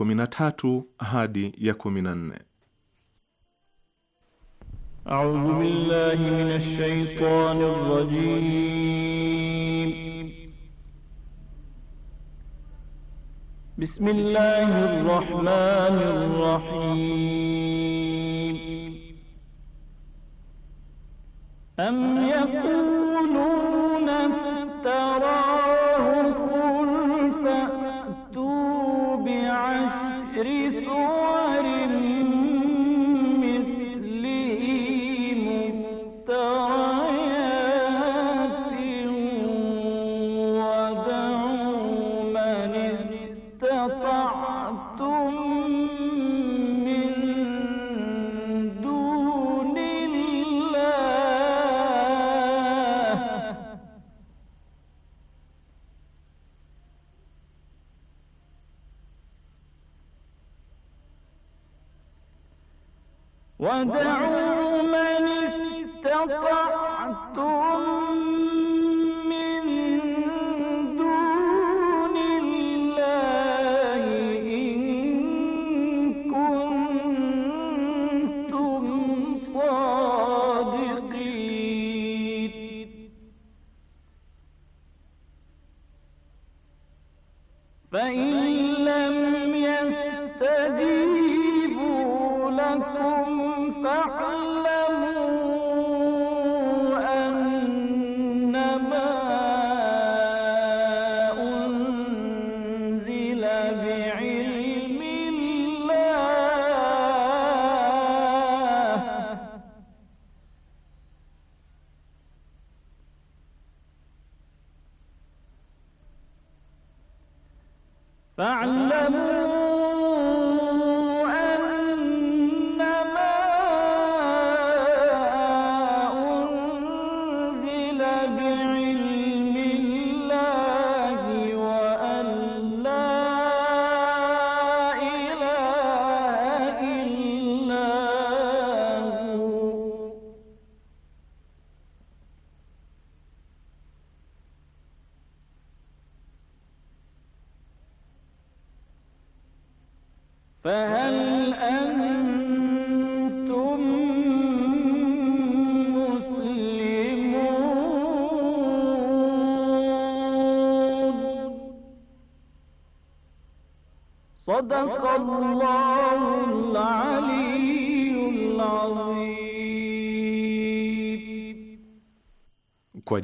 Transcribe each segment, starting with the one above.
13 hadi ya 14. A'udhu billahi minash shaitani rrajim. Bismillahir rahmanir rahim. Am yakuluna iftara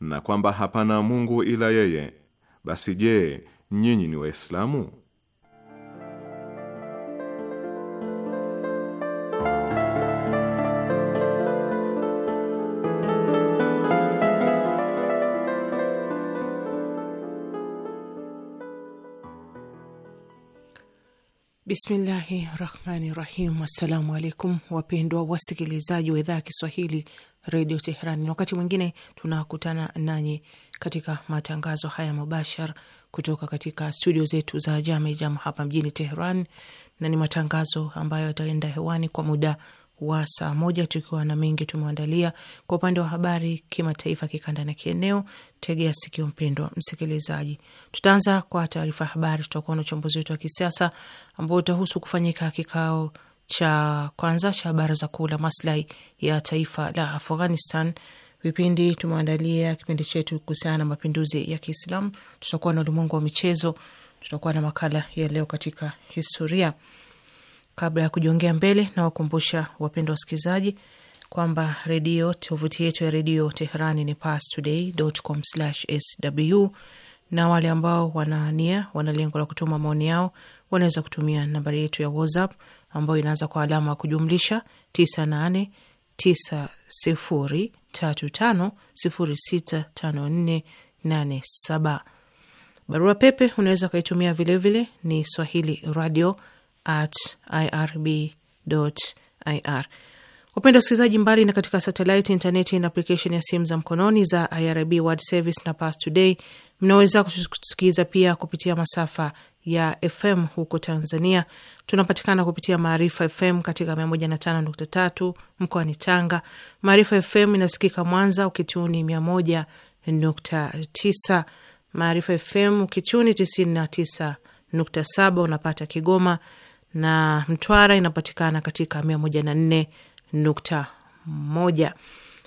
na kwamba hapana Mungu ila yeye, basi je, nyinyi ni Waislamu? Bismillahi rahmani rahim. Assalamu alaikum wapendwa wasikilizaji wa idhaa ya Kiswahili Redio Teherani. Wakati mwingine tunakutana nanyi katika matangazo haya mubashar kutoka katika studio zetu za Jam hapa mjini Teheran, na ni matangazo ambayo yataenda hewani kwa muda wa saa moja, tukiwa na mengi tumeandalia kwa upande wa habari kimataifa, kikanda na kieneo. Tegea sikio, mpendwa msikilizaji. Tutaanza kwa taarifa habari, tutakuwa na uchambuzi wetu wa kisiasa ambao utahusu kufanyika kikao cha kwanza cha baraza kuu la maslahi ya taifa la Afghanistan. Vipindi tumeandalia kipindi chetu kuhusiana na mapinduzi ya Kiislamu, tutakuwa na ulimwengu wa michezo, tutakuwa na makala ya leo katika historia. Kabla ya kujiongea mbele, nawakumbusha wapendwa wasikilizaji kwamba redio tovuti yetu ya redio Teherani ni pastodaycom sw na wale ambao wanania wana lengo la kutuma maoni yao wanaweza kutumia nambari yetu ya WhatsApp ambayo inaanza kwa alama ya kujumlisha 989035065487. Barua pepe unaweza ukaitumia vilevile, ni swahili radio at irb ir. Wapenda wasikilizaji, mbali na katika satelit intaneti na application ya simu za mkononi za IRIB World Service na Pass Today, mnaweza kusikiliza pia kupitia masafa ya FM huko Tanzania Tunapatikana kupitia Maarifa FM katika 105.3 mkoani Tanga. Maarifa FM inasikika Mwanza, ukituni 101.9. Maarifa FM ukituni 99.7 unapata Kigoma, na Mtwara inapatikana katika 104.1.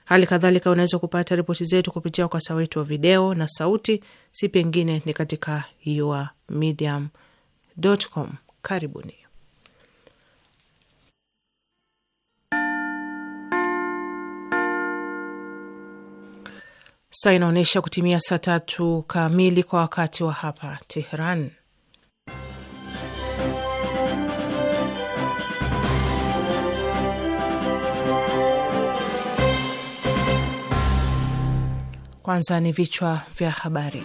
Hali kadhalika unaweza kupata ripoti zetu kupitia ukurasa wetu wa video na sauti, si pengine ni katika yourmedium.com. Karibuni. Saa inaonyesha kutimia saa tatu kamili kwa wakati wa hapa Tehran. Kwanza ni vichwa vya habari.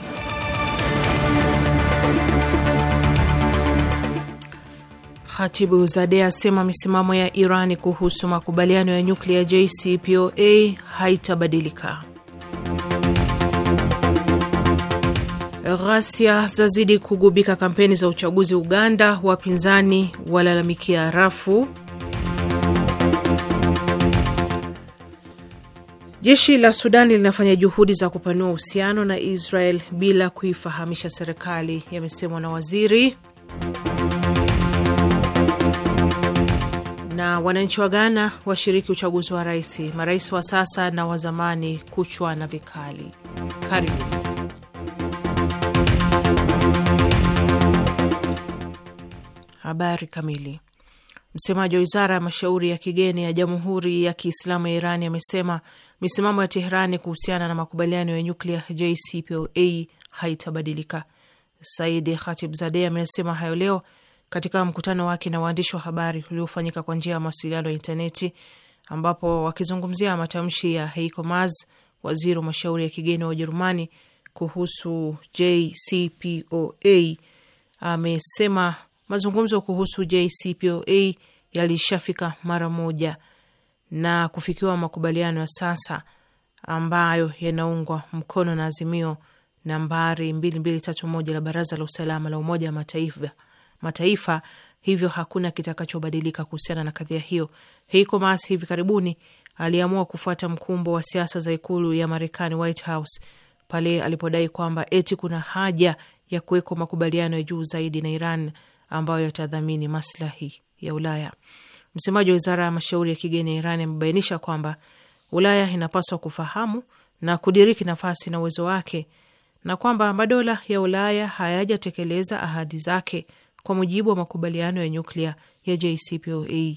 Khatibu zade asema misimamo ya Irani kuhusu makubaliano ya nyuklia JCPOA haitabadilika. Ghasia zazidi kugubika kampeni za uchaguzi Uganda, wapinzani walalamikia rafu. Jeshi la Sudani linafanya juhudi za kupanua uhusiano na Israel bila kuifahamisha serikali, yamesemwa na waziri. Na wananchi wa Ghana washiriki uchaguzi wa rais, marais wa sasa na wa zamani kuchwa na vikali. Karibu. Habari kamili. Msemaji wa wizara ya mashauri ya kigeni ya Jamhuri ya Kiislamu ya Irani amesema misimamo ya Teherani kuhusiana na makubaliano ya nyuklia JCPOA haitabadilika. Saidi zade amesema hayo leo katika mkutano wake na waandishi wa habari uliofanyika kwa njia ya mawasiliano ya intaneti, ambapo wakizungumzia matamshi ya Heiko Maas, waziri wa mashauri ya kigeni wa Ujerumani, kuhusu JCPOA amesema mazungumzo kuhusu JCPOA yalishafika mara moja na kufikiwa makubaliano ya sasa ambayo yanaungwa mkono na azimio nambari 2231 la Baraza la Usalama la Umoja wa Mataifa, Mataifa. Hivyo hakuna kitakachobadilika kuhusiana na kadhia hiyo. Heiko Maas hivi karibuni aliamua kufuata mkumbo wa siasa za ikulu ya Marekani, White House, pale alipodai kwamba eti kuna haja ya kuwekwa makubaliano ya juu zaidi na Iran ambayo yatadhamini maslahi ya Ulaya. Msemaji wa wizara ya mashauri ya kigeni ya Iran amebainisha kwamba Ulaya inapaswa kufahamu na kudiriki nafasi na uwezo wake na kwamba madola ya Ulaya hayajatekeleza ahadi zake kwa mujibu wa makubaliano ya nyuklia ya JCPOA.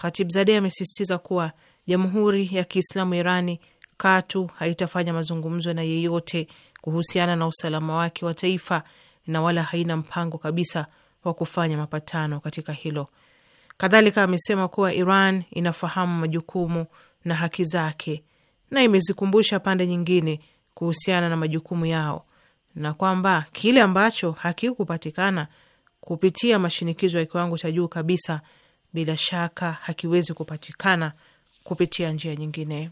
Khatibzadeh amesisitiza kuwa jamhuri ya Kiislamu Irani katu haitafanya mazungumzo na yeyote kuhusiana na usalama wake wa taifa na wala haina mpango kabisa wa kufanya mapatano katika hilo. Kadhalika amesema kuwa Iran inafahamu majukumu na haki zake na imezikumbusha pande nyingine kuhusiana na majukumu yao na kwamba kile ambacho hakikupatikana kupitia mashinikizo ya kiwango cha juu kabisa, bila shaka hakiwezi kupatikana kupitia njia nyingine.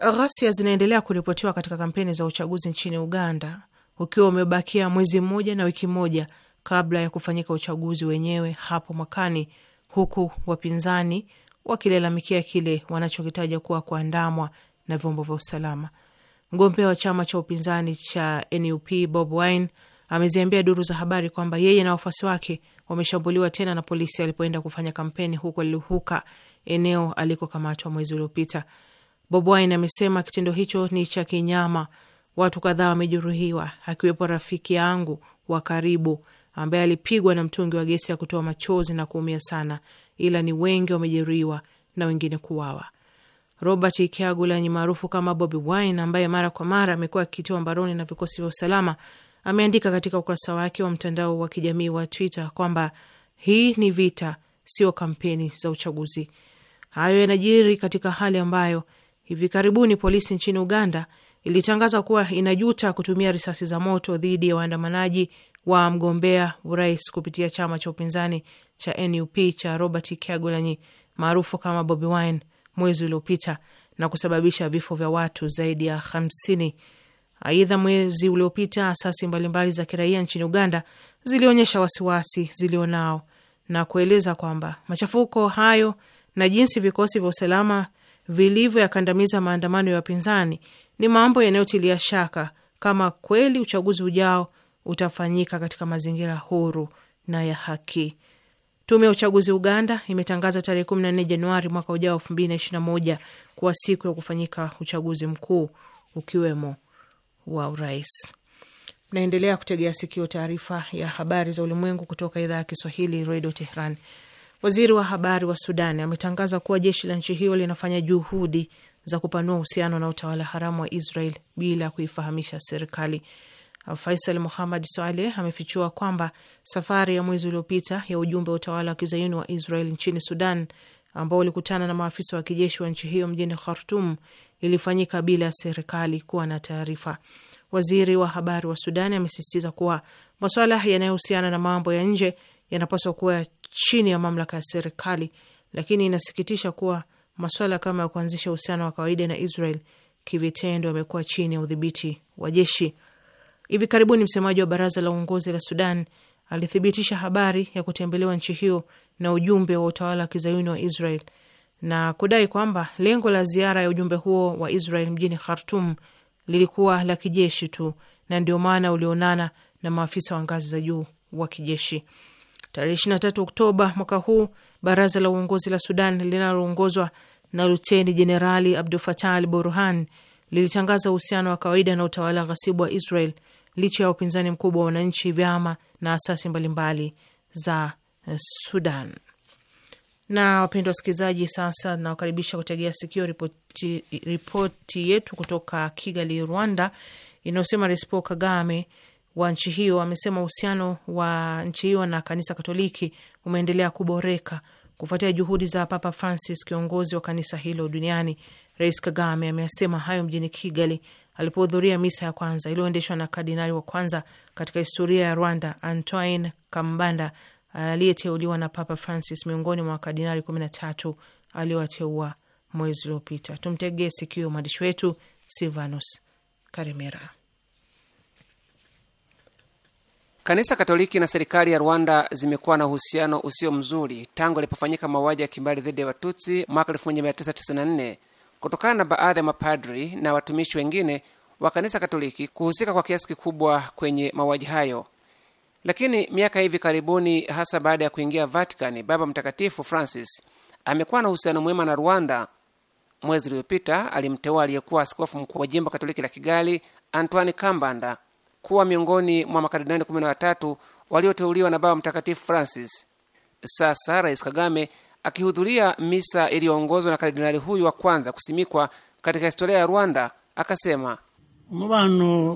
Ghasia zinaendelea kuripotiwa katika kampeni za uchaguzi nchini Uganda ukiwa umebakia mwezi mmoja na wiki moja kabla ya kufanyika uchaguzi wenyewe hapo mwakani, huku wapinzani wakilalamikia kile wanachokitaja kuwa kuandamwa na vyombo vya usalama. Mgombea wa chama cha upinzani cha NUP Bob Wine ameziambia duru za habari kwamba yeye na wafuasi wake wameshambuliwa tena na polisi alipoenda kufanya kampeni huko Luhuka, eneo alikokamatwa mwezi uliopita. Bob Wine amesema kitendo hicho ni cha kinyama Watu kadhaa wamejeruhiwa, akiwepo rafiki yangu wa karibu ambaye alipigwa na mtungi wa gesi ya kutoa machozi na kuumia sana, ila ni wengi wamejeruhiwa na wengine kuwawa. Robert Kyagulanyi maarufu kama Bobi Wine, ambaye mara kwa mara amekuwa akitiwa mbaroni na vikosi vya usalama, ameandika katika ukurasa wake wa mtandao wa kijamii wa Twitter kwamba hii ni vita, sio kampeni za uchaguzi. Hayo yanajiri katika hali ambayo hivi karibuni polisi nchini Uganda ilitangaza kuwa inajuta kutumia risasi za moto dhidi ya waandamanaji wa mgombea urais kupitia chama cha upinzani cha NUP cha Robert Kyagulanyi maarufu kama Bobi Wine mwezi uliopita na kusababisha vifo vya watu zaidi ya hamsini. Aidha, mwezi uliopita asasi mbalimbali za kiraia nchini Uganda zilionyesha wasiwasi zilionao na kueleza kwamba machafuko hayo na jinsi vikosi vya usalama vilivyoyakandamiza maandamano ya wapinzani ni mambo yanayotilia shaka kama kweli uchaguzi ujao utafanyika katika mazingira huru na ya haki. Tume ya uchaguzi Uganda imetangaza tarehe nne Januari mwaka ujao moja kuwa siku ya kufanyika uchaguzi mkuu ukiwemo wa urais. Naendelea kutegea sikio taarifa ya habari za ulimwengu kutoka idhaa ya Kiswahili, Redio Tehran. Waziri wa habari wa Sudan ametangaza kuwa jeshi la nchi hiyo linafanya juhudi za kupanua uhusiano na utawala haramu wa Israel bila kuifahamisha serikali. Faisal Muhamad Saleh amefichua kwamba safari ya mwezi uliopita ya ujumbe wa utawala wa kizayuni wa Israel nchini Sudan, ambao ulikutana na maafisa wa kijeshi wa nchi hiyo mjini Khartum, ilifanyika bila serikali kuwa na taarifa. Waziri wa habari wa Sudan amesisitiza kuwa masuala yanayohusiana na mambo ya nje yanapaswa kuwa chini ya mamlaka ya serikali, lakini inasikitisha kuwa maswala kama ya kuanzisha uhusiano wa kawaida na Israel kivitendo yamekuwa chini ya udhibiti wa jeshi. Hivi karibuni msemaji wa baraza la uongozi la Sudan alithibitisha habari ya kutembelewa nchi hiyo na ujumbe wa utawala wa kizayuni wa Israel na kudai kwamba lengo la ziara ya ujumbe huo wa Israel mjini Khartum lilikuwa la kijeshi tu na ndio maana ulionana na maafisa wa ngazi za juu wa kijeshi. Tarehe 23 Oktoba mwaka huu baraza la uongozi la Sudan linaloongozwa na luteni jenerali Abdul Fatah al Burhan lilitangaza uhusiano wa kawaida na utawala ghasibu wa Israel licha ya upinzani mkubwa wa wananchi, vyama na asasi mbalimbali za eh, Sudan. Na wapendwa wasikilizaji, sasa nawakaribisha kutegea sikio ripoti, ripoti yetu kutoka Kigali, Rwanda inayosema Rais Paul Kagame wa nchi hiyo amesema uhusiano wa nchi hiyo na kanisa Katoliki umeendelea kuboreka kufuatia juhudi za Papa Francis, kiongozi wa kanisa hilo duniani. Rais Kagame ameyasema hayo mjini Kigali alipohudhuria misa ya kwanza iliyoendeshwa na kardinali wa kwanza katika historia ya Rwanda, Antoine Kambanda, aliyeteuliwa na Papa Francis miongoni mwa kardinali tatu aliyowateua mwezi uliopita. Tumtegee sikio mwandishi wetu Silvanus Karimera. Kanisa Katoliki na serikali ya Rwanda zimekuwa na uhusiano usio mzuri tangu alipofanyika mauaji ya kimbali dhidi ya Watutsi mwaka 1994 kutokana na baadhi ya mapadri na watumishi wengine wa kanisa Katoliki kuhusika kwa kiasi kikubwa kwenye mauaji hayo. Lakini miaka hivi karibuni, hasa baada ya kuingia vatican Baba Mtakatifu Francis amekuwa na uhusiano mwema na Rwanda. Mwezi uliopita alimteua aliyekuwa askofu mkuu wa jimbo Katoliki la Kigali, Antoine Kambanda kuwa miongoni mwa makardinali 13 walioteuliwa na Baba Mtakatifu Francis. Sasa Rais Kagame akihudhuria misa iliyoongozwa na kardinali huyu wa kwanza kusimikwa katika historia ya Rwanda akasema umubano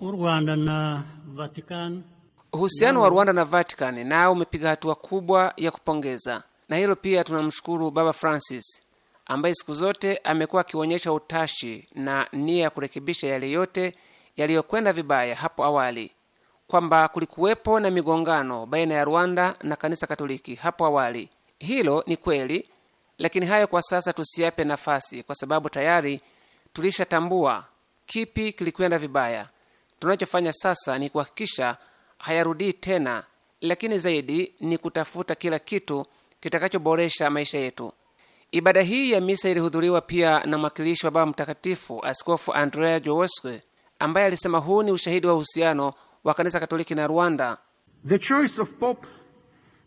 wa Rwanda na Vatican, uhusiano wa Rwanda na Vatican nao umepiga hatua kubwa ya kupongeza, na hilo pia tunamshukuru Baba Francis ambaye siku zote amekuwa akionyesha utashi na nia ya kurekebisha yale yote yaliyokwenda vibaya hapo awali kwamba kulikuwepo na migongano baina ya Rwanda na kanisa Katoliki hapo awali. Hilo ni kweli, lakini hayo kwa sasa tusiyape nafasi, kwa sababu tayari tulishatambua kipi kilikwenda vibaya. Tunachofanya sasa ni kuhakikisha hayarudii tena, lakini zaidi ni kutafuta kila kitu kitakachoboresha maisha yetu. Ibada hii ya misa ilihudhuriwa pia na mwakilishi wa Baba Mtakatifu, Askofu Andrea Jowoske ambaye alisema huu ni ushahidi wa uhusiano wa kanisa Katoliki na Rwanda. The choice of Pope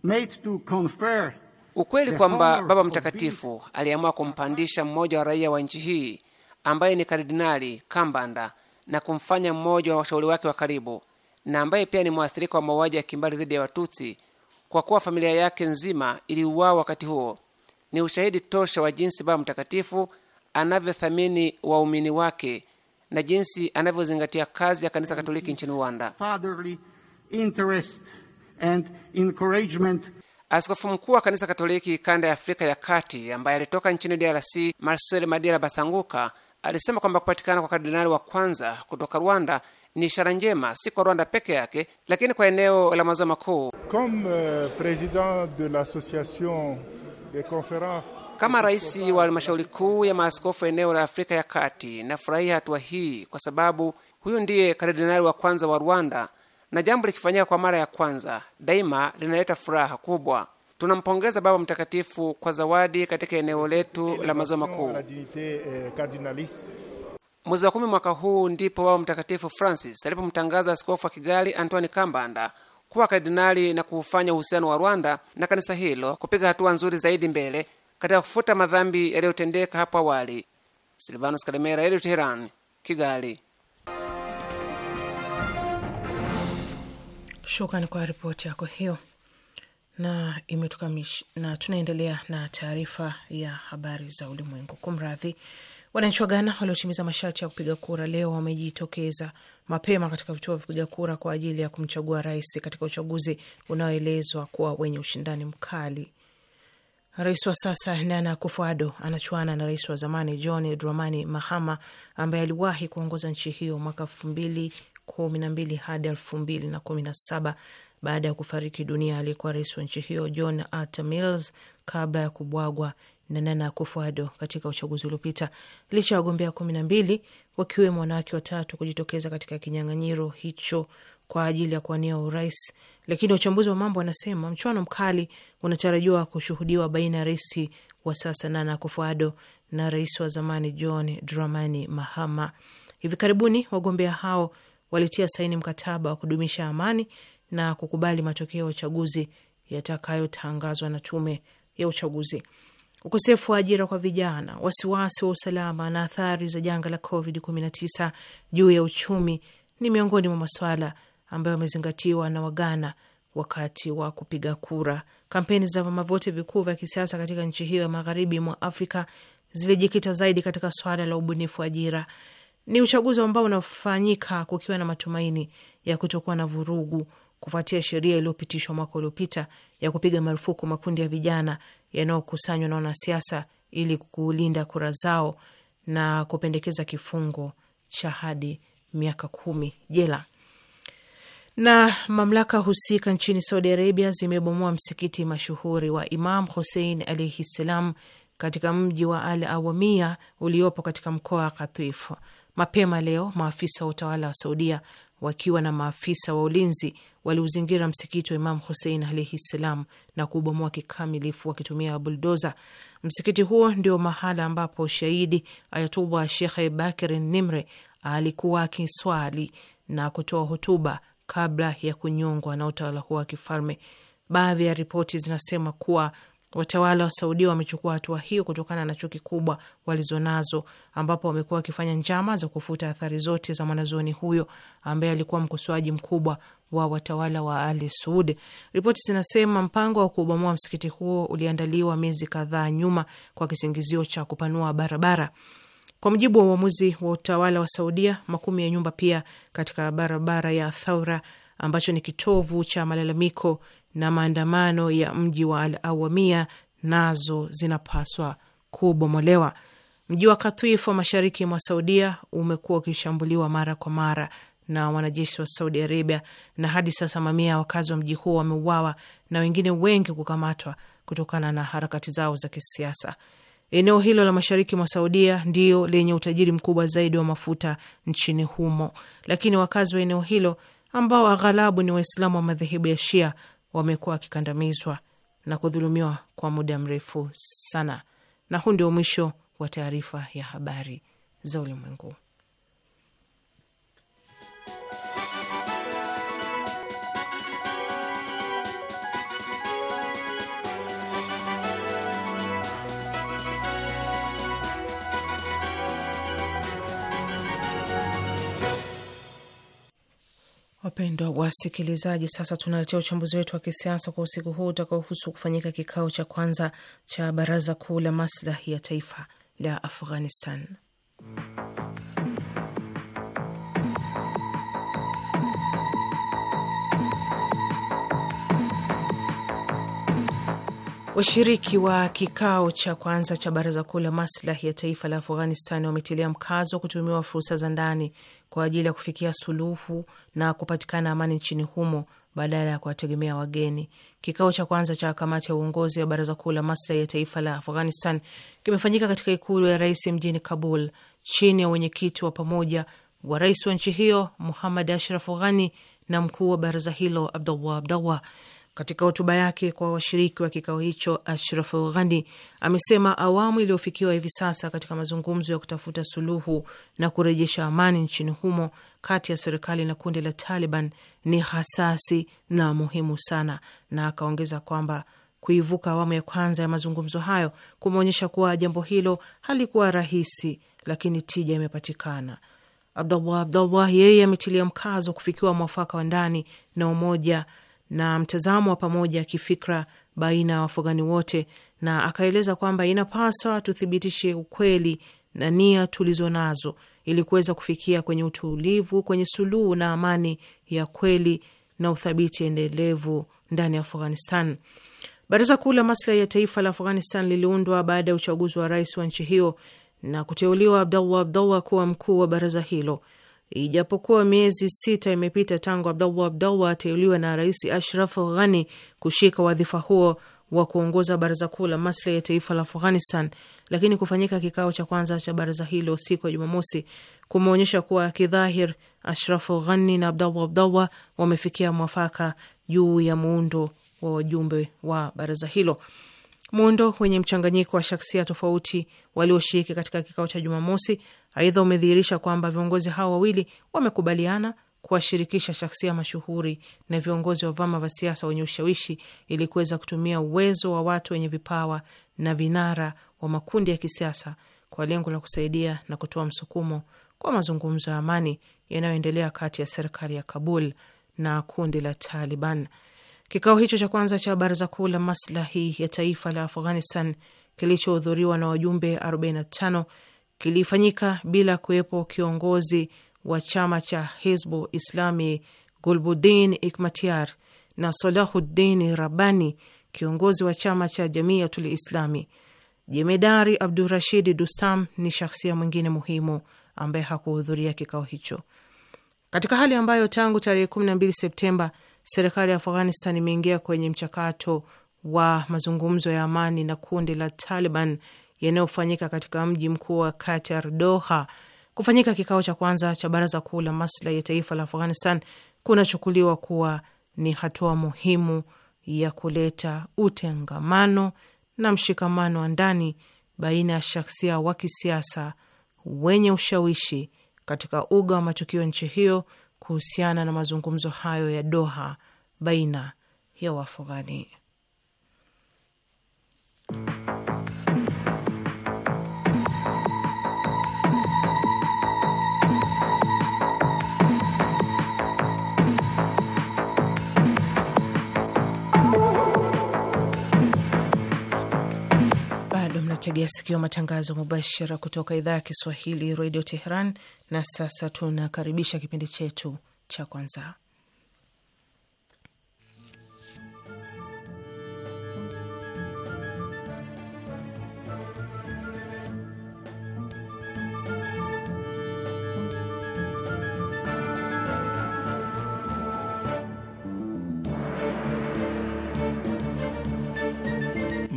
made to confer ukweli kwamba Baba Mtakatifu aliamua kumpandisha mmoja wa raia wa nchi hii ambaye ni Kardinali Kambanda na kumfanya mmoja wa washauri wake wa karibu na ambaye pia ni mwathirika wa mauaji ya kimbali dhidi ya Watutsi kwa kuwa familia yake nzima iliuawa wakati huo, ni ushahidi tosha wa jinsi Baba Mtakatifu anavyothamini waumini wake na jinsi anavyozingatia kazi ya kanisa Katoliki nchini Rwanda. Askofu mkuu wa kanisa Katoliki kanda ya Afrika ya Kati ambaye alitoka nchini DRC, Marcel Madira Basanguka, alisema kwamba kupatikana kwa kardinali wa kwanza kutoka Rwanda ni ishara njema, si kwa Rwanda peke yake, lakini kwa eneo la maziwa makuu. Euh, kama rais wa halmashauri kuu ya maaskofu eneo la Afrika ya Kati, nafurahia hatua hii kwa sababu huyu ndiye kardinali wa kwanza wa Rwanda, na jambo likifanyika kwa mara ya kwanza daima linaleta furaha kubwa. Tunampongeza Baba Mtakatifu kwa zawadi katika eneo letu la maziwa makuu. Eh, Mwezi wa kumi mwaka huu ndipo Baba Mtakatifu Francis alipomtangaza askofu wa Kigali Antoine Kambanda kuwa kardinali na kuufanya uhusiano wa Rwanda na kanisa hilo kupiga hatua nzuri zaidi mbele katika kufuta madhambi yaliyotendeka hapo awali. Silvanus Kalemera, Radio Teheran, Kigali. Shukrani kwa ripoti yako hiyo, na imetukamish na tunaendelea na taarifa ya habari za ulimwengu. Kumradhi. Wananchi wa Ghana waliotimiza masharti ya kupiga kura leo wamejitokeza mapema katika vituo vya kupiga kura kwa ajili ya kumchagua rais katika uchaguzi unaoelezwa kuwa wenye ushindani mkali. Rais wa sasa Nana Akufo-Addo anachuana na rais wa zamani John Dramani Mahama ambaye aliwahi kuongoza nchi hiyo mwaka elfu mbili kumi na mbili hadi elfu mbili na kumi na saba baada ya kufariki dunia aliyekuwa rais wa nchi hiyo John Atta Mills kabla ya kubwagwa na Nana Akufo-Addo katika uchaguzi uliopita, licha ya wagombea kumi na mbili wakiwemo wanawake watatu kujitokeza katika kinyang'anyiro hicho kwa ajili ya kuwania urais. Lakini wachambuzi wa mambo wanasema mchuano mkali unatarajiwa kushuhudiwa baina ya rais wa sasa Nana Akufo-Addo na rais wa zamani John Dramani Mahama. Hivi karibuni wagombea hao walitia saini mkataba wa kudumisha amani na kukubali matokeo ya uchaguzi yatakayotangazwa na tume ya uchaguzi ukosefu wa ajira kwa vijana, wasiwasi wa usalama na athari za janga la COVID-19 juu ya uchumi ni miongoni mwa masuala ambayo yamezingatiwa na Wagana wakati wa kupiga kura. Kampeni za vyama vyote vikuu vya kisiasa katika nchi hiyo ya magharibi mwa Afrika zilijikita zaidi katika swala la ubunifu ajira. Ni uchaguzi ambao unafanyika kukiwa na matumaini ya kutokuwa na vurugu kufuatia sheria iliyopitishwa mwaka uliopita ya kupiga marufuku makundi ya vijana yanayokusanywa na wanasiasa ili kulinda kura zao na kupendekeza kifungo cha hadi miaka kumi jela. Na mamlaka husika nchini Saudi Arabia zimebomoa msikiti mashuhuri wa Imam Husein alaihi ssalam katika mji wa Al Awamia uliopo katika mkoa wa Katifu mapema leo. Maafisa wa utawala wa Saudia wakiwa na maafisa wa ulinzi waliuzingira msikiti wa Imam Husein alaihi ssalam na kuubomoa kikamilifu wakitumia buldoza. Msikiti huo ndio mahala ambapo shahidi Ayatullah Shekhe Bakir Nimre alikuwa akiswali na kutoa hotuba kabla ya kunyongwa na utawala huo wa kifalme. Baadhi ya ripoti zinasema kuwa watawala wa Saudia wamechukua hatua hiyo kutokana na chuki kubwa walizonazo, ambapo wamekuwa wakifanya njama za kufuta athari zote za mwanazuoni huyo ambaye alikuwa mkosoaji mkubwa wa watawala wa Ali Sud. Ripoti zinasema mpango wa kuubomoa msikiti huo uliandaliwa miezi kadhaa nyuma kwa kisingizio cha kupanua barabara. Kwa mujibu wa uamuzi wa utawala wa Saudia, makumi ya nyumba pia katika barabara ya Thaura ambacho ni kitovu cha malalamiko na maandamano ya mji wa Al Awamia nazo zinapaswa kubomolewa. Mji wa Katwif wa mashariki mwa Saudia umekuwa ukishambuliwa mara kwa mara na wanajeshi wa Saudi Arabia, na hadi sasa mamia ya wakazi wa mji huo wameuawa na wengine wengi kukamatwa kutokana na harakati zao za kisiasa. Eneo hilo la mashariki mwa Saudia ndio lenye utajiri mkubwa zaidi wa mafuta nchini humo, lakini wakazi wa eneo hilo ambao aghalabu ni Waislamu wa madhehebu ya Shia wamekuwa wakikandamizwa na kudhulumiwa kwa muda mrefu sana. Na huu ndio mwisho wa taarifa ya habari za ulimwengu. Wapendwa wasikilizaji, sasa tunaletea uchambuzi wetu wa kisiasa kwa usiku huu utakaohusu kufanyika kikao cha kwanza cha baraza kuu la maslahi ya taifa la Afghanistan. Washiriki wa kikao cha kwanza cha baraza kuu la maslahi ya taifa la Afghanistan wametilia mkazo wa kutumiwa fursa za ndani kwa ajili ya kufikia suluhu na kupatikana amani nchini humo badala ya kuwategemea wageni. Kikao cha kwanza cha kamati ya uongozi wa baraza kuu la maslahi ya taifa la Afghanistan kimefanyika katika ikulu ya rais mjini Kabul chini ya wenyekiti wa pamoja wa rais wa nchi hiyo Muhammad Ashraf Ghani na mkuu wa baraza hilo Abdullah Abdullah. Katika hotuba yake kwa washiriki wa kikao hicho, Ashraf Ghani amesema awamu iliyofikiwa hivi sasa katika mazungumzo ya kutafuta suluhu na kurejesha amani nchini humo kati ya serikali na kundi la Taliban ni hasasi na muhimu sana, na akaongeza kwamba kuivuka awamu ya kwanza ya mazungumzo hayo kumeonyesha kuwa jambo hilo halikuwa rahisi, lakini tija imepatikana. Abdullah Abdullah yeye ametilia mkazo kufikiwa mwafaka wa ndani na umoja na mtazamo wa pamoja kifikra baina ya wafugani wote, na akaeleza kwamba inapaswa tuthibitishe ukweli na nia tulizo nazo ili kuweza kufikia kwenye utulivu, kwenye suluhu na amani ya kweli na uthabiti endelevu ndani ya Afghanistan. Baraza Kuu la Maslahi ya Taifa la Afghanistan liliundwa baada ya uchaguzi wa rais wa nchi hiyo na kuteuliwa Abdallah Abdallah kuwa mkuu wa baraza hilo. Ijapokuwa miezi sita imepita tangu Abdallah Abdallah ateuliwe na Rais Ashraf Ghani kushika wadhifa huo wa kuongoza baraza kuu la maslahi ya taifa la Afghanistan, lakini kufanyika kikao cha kwanza cha baraza hilo siku ya Jumamosi kumeonyesha kuwa kidhahir Ashraf Ghani na Abdallah Abdallah wamefikia mwafaka juu ya muundo wa wajumbe wa baraza hilo, muundo wenye mchanganyiko wa shaksia tofauti walioshiriki katika kikao cha Jumamosi Aidha, umedhihirisha kwamba viongozi hao wawili wamekubaliana kuwashirikisha shaksia mashuhuri na viongozi wa vyama vya siasa wenye ushawishi ili kuweza kutumia uwezo wa watu wenye vipawa na vinara wa makundi ya kisiasa kwa lengo la kusaidia na kutoa msukumo kwa mazungumzo ya amani yanayoendelea kati ya serikali ya Kabul na kundi la Taliban. Kikao hicho cha kwanza cha baraza kuu la maslahi ya taifa la Afghanistan kilichohudhuriwa na wajumbe 45 kilifanyika bila kuwepo kiongozi wa chama cha Hizbu Islami Gulbuddin Ikmatiar na Salahuddin Rabani, kiongozi wa chama cha Jamiatul Islami. Jemedari Abdurashid Dustam ni shakhsia mwingine muhimu ambaye hakuhudhuria kikao hicho, katika hali ambayo tangu tarehe 12 Septemba serikali ya Afghanistan imeingia kwenye mchakato wa mazungumzo ya amani na kundi la Taliban yanayofanyika katika mji mkuu wa Qatar, Doha. Kufanyika kikao cha kwanza cha baraza kuu la maslahi ya taifa la Afghanistan kunachukuliwa kuwa ni hatua muhimu ya kuleta utengamano na mshikamano wa ndani baina ya shaksia wa kisiasa wenye ushawishi katika uga wa matukio nchi hiyo kuhusiana na mazungumzo hayo ya Doha baina ya Waafghani. Mnategea sikio matangazo mubashara kutoka idhaa ya Kiswahili redio teheran Na sasa tunakaribisha kipindi chetu cha kwanza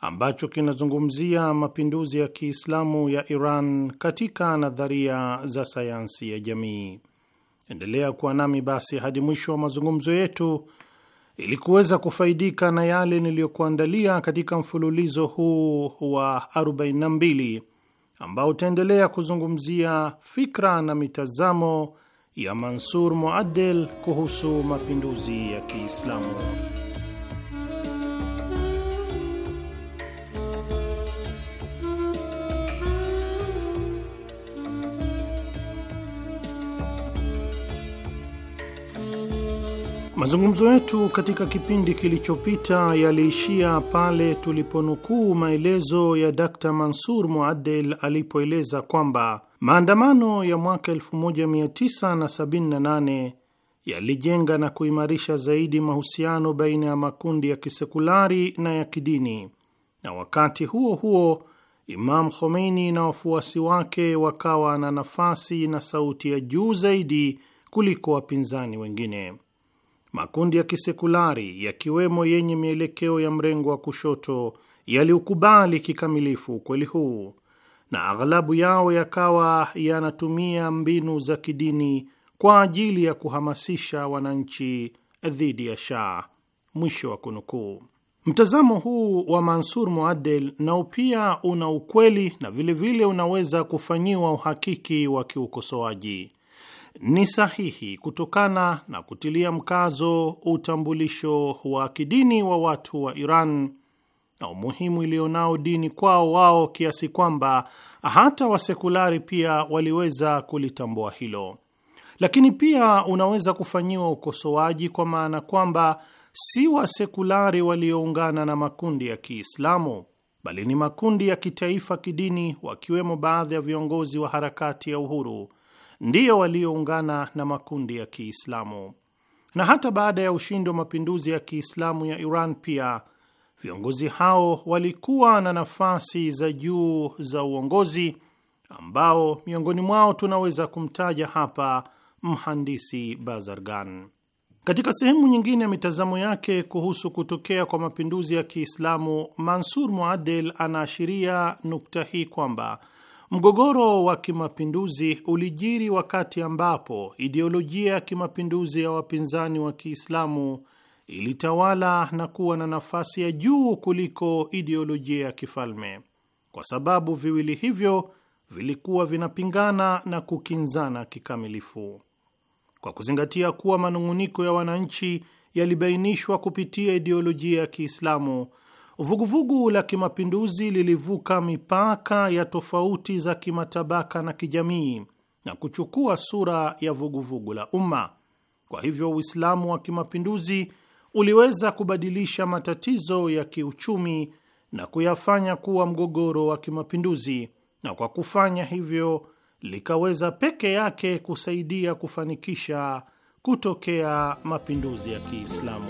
ambacho kinazungumzia mapinduzi ya Kiislamu ya Iran katika nadharia za sayansi ya jamii. Endelea kuwa nami basi hadi mwisho wa mazungumzo yetu ili kuweza kufaidika na yale niliyokuandalia katika mfululizo huu wa 42 ambao utaendelea kuzungumzia fikra na mitazamo ya Mansur Muaddel kuhusu mapinduzi ya Kiislamu. Mazungumzo yetu katika kipindi kilichopita yaliishia pale tuliponukuu maelezo ya d Mansur Muadel alipoeleza kwamba maandamano ya mwaka 1978 yalijenga na kuimarisha zaidi mahusiano baina ya makundi ya kisekulari na ya kidini, na wakati huo huo Imam Khomeini na wafuasi wake wakawa na nafasi na sauti ya juu zaidi kuliko wapinzani wengine makundi ya kisekulari yakiwemo yenye mielekeo ya mrengo wa kushoto yaliukubali kikamilifu ukweli huu na aghalabu yao yakawa yanatumia mbinu za kidini kwa ajili ya kuhamasisha wananchi dhidi ya Shah. Mwisho wa kunukuu. Mtazamo huu wa Mansur Muadel nao pia una ukweli na vilevile vile unaweza kufanyiwa uhakiki wa kiukosoaji ni sahihi kutokana na kutilia mkazo utambulisho wa kidini wa watu wa Iran na umuhimu ilionao dini kwao wao, kiasi kwamba hata wasekulari pia waliweza kulitambua hilo. Lakini pia unaweza kufanyiwa ukosoaji kwa maana kwamba si wasekulari walioungana na makundi ya Kiislamu bali ni makundi ya kitaifa kidini, wakiwemo baadhi ya viongozi wa harakati ya uhuru ndiyo walioungana na makundi ya Kiislamu. Na hata baada ya ushindi wa mapinduzi ya Kiislamu ya Iran pia viongozi hao walikuwa na nafasi za juu za uongozi ambao miongoni mwao tunaweza kumtaja hapa mhandisi Bazargan. Katika sehemu nyingine ya mitazamo yake kuhusu kutokea kwa mapinduzi ya Kiislamu, Mansur Muadel anaashiria nukta hii kwamba Mgogoro wa kimapinduzi ulijiri wakati ambapo ideolojia ya kimapinduzi ya wapinzani wa Kiislamu ilitawala na kuwa na nafasi ya juu kuliko ideolojia ya kifalme, kwa sababu viwili hivyo vilikuwa vinapingana na kukinzana kikamilifu. Kwa kuzingatia kuwa manung'uniko ya wananchi yalibainishwa kupitia ideolojia ya Kiislamu, Vuguvugu la kimapinduzi lilivuka mipaka ya tofauti za kimatabaka na kijamii na kuchukua sura ya vuguvugu la umma. Kwa hivyo, Uislamu wa kimapinduzi uliweza kubadilisha matatizo ya kiuchumi na kuyafanya kuwa mgogoro wa kimapinduzi, na kwa kufanya hivyo likaweza peke yake kusaidia kufanikisha kutokea mapinduzi ya Kiislamu.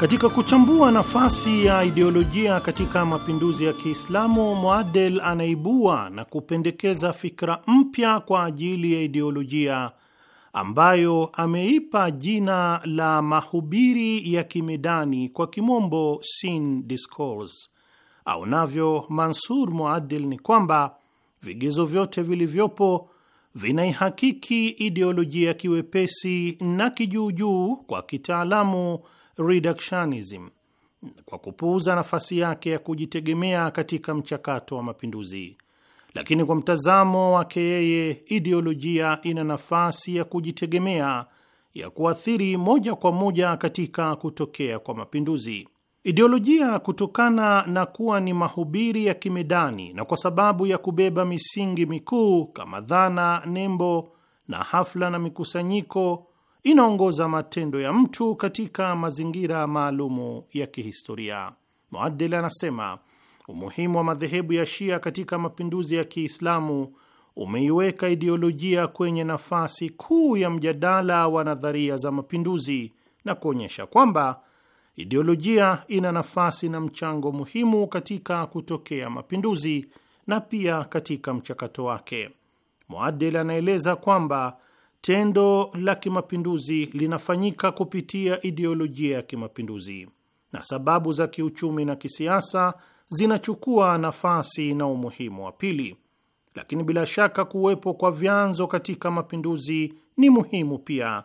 Katika kuchambua nafasi ya ideolojia katika mapinduzi ya Kiislamu, Mwadel anaibua na kupendekeza fikra mpya kwa ajili ya ideolojia ambayo ameipa jina la mahubiri ya kimedani, kwa kimombo sin discourse. Au navyo Mansur Muadel ni kwamba vigezo vyote vilivyopo vinaihakiki ideolojia kiwepesi na kijuujuu kwa kitaalamu reductionism kwa kupuuza nafasi yake ya kujitegemea katika mchakato wa mapinduzi. Lakini kwa mtazamo wake yeye, ideolojia ina nafasi ya kujitegemea ya kuathiri moja kwa moja katika kutokea kwa mapinduzi. Ideolojia, kutokana na kuwa ni mahubiri ya kimedani na kwa sababu ya kubeba misingi mikuu kama dhana, nembo na hafla na mikusanyiko inaongoza matendo ya mtu katika mazingira maalumu ya kihistoria. Muadil anasema umuhimu wa madhehebu ya Shia katika mapinduzi ya Kiislamu umeiweka ideolojia kwenye nafasi kuu ya mjadala wa nadharia za mapinduzi na kuonyesha kwamba ideolojia ina nafasi na mchango muhimu katika kutokea mapinduzi na pia katika mchakato wake. Muadil anaeleza kwamba tendo la kimapinduzi linafanyika kupitia ideolojia ya kimapinduzi, na sababu za kiuchumi na kisiasa zinachukua nafasi na umuhimu wa pili. Lakini bila shaka kuwepo kwa vyanzo katika mapinduzi ni muhimu pia,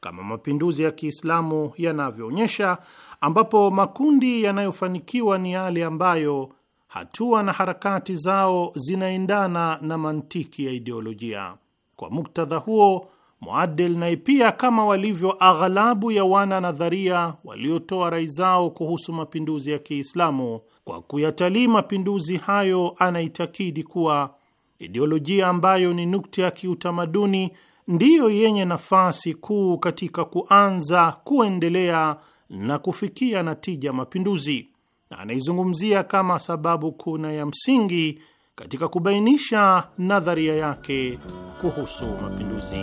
kama mapinduzi ya Kiislamu yanavyoonyesha, ambapo makundi yanayofanikiwa ni yale ambayo hatua na harakati zao zinaendana na mantiki ya ideolojia. Kwa muktadha huo, Muadel naye pia kama walivyo aghalabu ya wana nadharia waliotoa rai zao kuhusu mapinduzi ya Kiislamu, kwa kuyatalii mapinduzi hayo, anaitakidi kuwa ideolojia ambayo ni nukta ya kiutamaduni ndiyo yenye nafasi kuu katika kuanza, kuendelea na kufikia natija mapinduzi, na anaizungumzia kama sababu kuna ya msingi katika kubainisha nadharia yake kuhusu mapinduzi.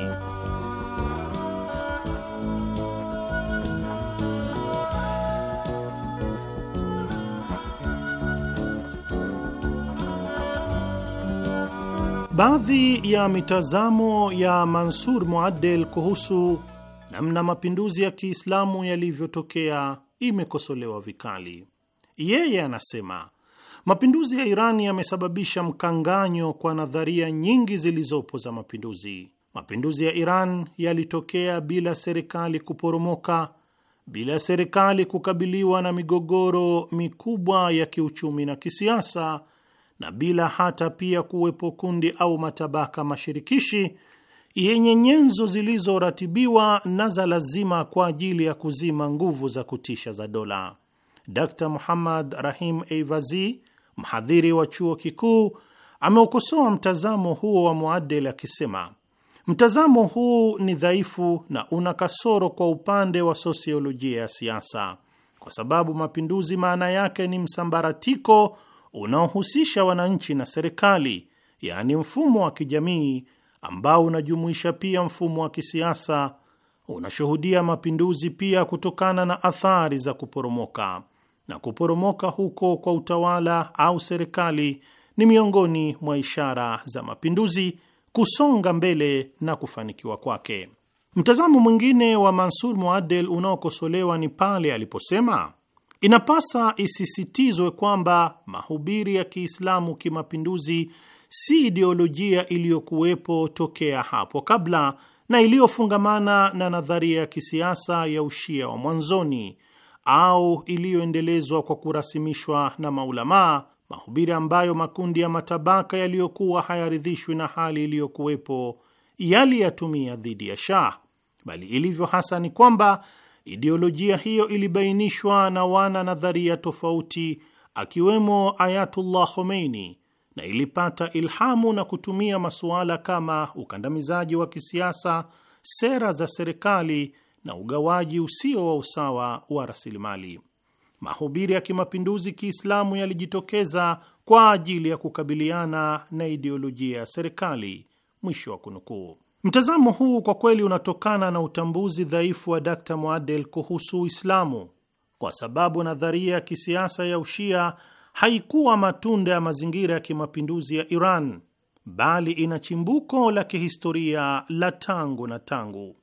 Baadhi ya mitazamo ya Mansur Muaddel kuhusu namna mapinduzi ya Kiislamu yalivyotokea imekosolewa vikali. Yeye anasema Mapinduzi ya iran yamesababisha mkanganyo kwa nadharia nyingi zilizopo za mapinduzi. Mapinduzi ya Iran yalitokea bila serikali kuporomoka, bila serikali kukabiliwa na migogoro mikubwa ya kiuchumi na kisiasa, na bila hata pia kuwepo kundi au matabaka mashirikishi yenye nyenzo zilizoratibiwa na za lazima kwa ajili ya kuzima nguvu za kutisha za dola. Dr Muhammad Rahim Eivazi mhadhiri wa chuo kikuu, ameukosoa mtazamo huo wa Muadel akisema mtazamo huu ni dhaifu na una kasoro kwa upande wa sosiolojia ya siasa, kwa sababu mapinduzi maana yake ni msambaratiko unaohusisha wananchi na serikali, yaani mfumo wa kijamii ambao unajumuisha pia mfumo wa kisiasa unashuhudia mapinduzi pia kutokana na athari za kuporomoka na kuporomoka huko kwa utawala au serikali ni miongoni mwa ishara za mapinduzi kusonga mbele na kufanikiwa kwake. Mtazamo mwingine wa Mansur Muadel unaokosolewa ni pale aliposema inapasa isisitizwe kwamba mahubiri ya Kiislamu kimapinduzi si ideolojia iliyokuwepo tokea hapo kabla na iliyofungamana na nadharia ya kisiasa ya Ushia wa mwanzoni au iliyoendelezwa kwa kurasimishwa na maulamaa, mahubiri ambayo makundi ya matabaka yaliyokuwa hayaridhishwi na hali iliyokuwepo yaliyatumia dhidi ya Shah. Bali ilivyo hasa ni kwamba ideolojia hiyo ilibainishwa na wana nadharia tofauti, akiwemo Ayatullah Khomeini, na ilipata ilhamu na kutumia masuala kama ukandamizaji wa kisiasa, sera za serikali na ugawaji usio wa usawa wa rasilimali. Mahubiri ya kimapinduzi Kiislamu yalijitokeza kwa ajili ya kukabiliana na ideolojia ya serikali. Mwisho wa kunukuu. Mtazamo huu kwa kweli unatokana na utambuzi dhaifu wa d Muadel kuhusu Uislamu, kwa sababu nadharia ya kisiasa ya Ushia haikuwa matunda ya mazingira ya kimapinduzi ya Iran, bali ina chimbuko la kihistoria la tangu na tangu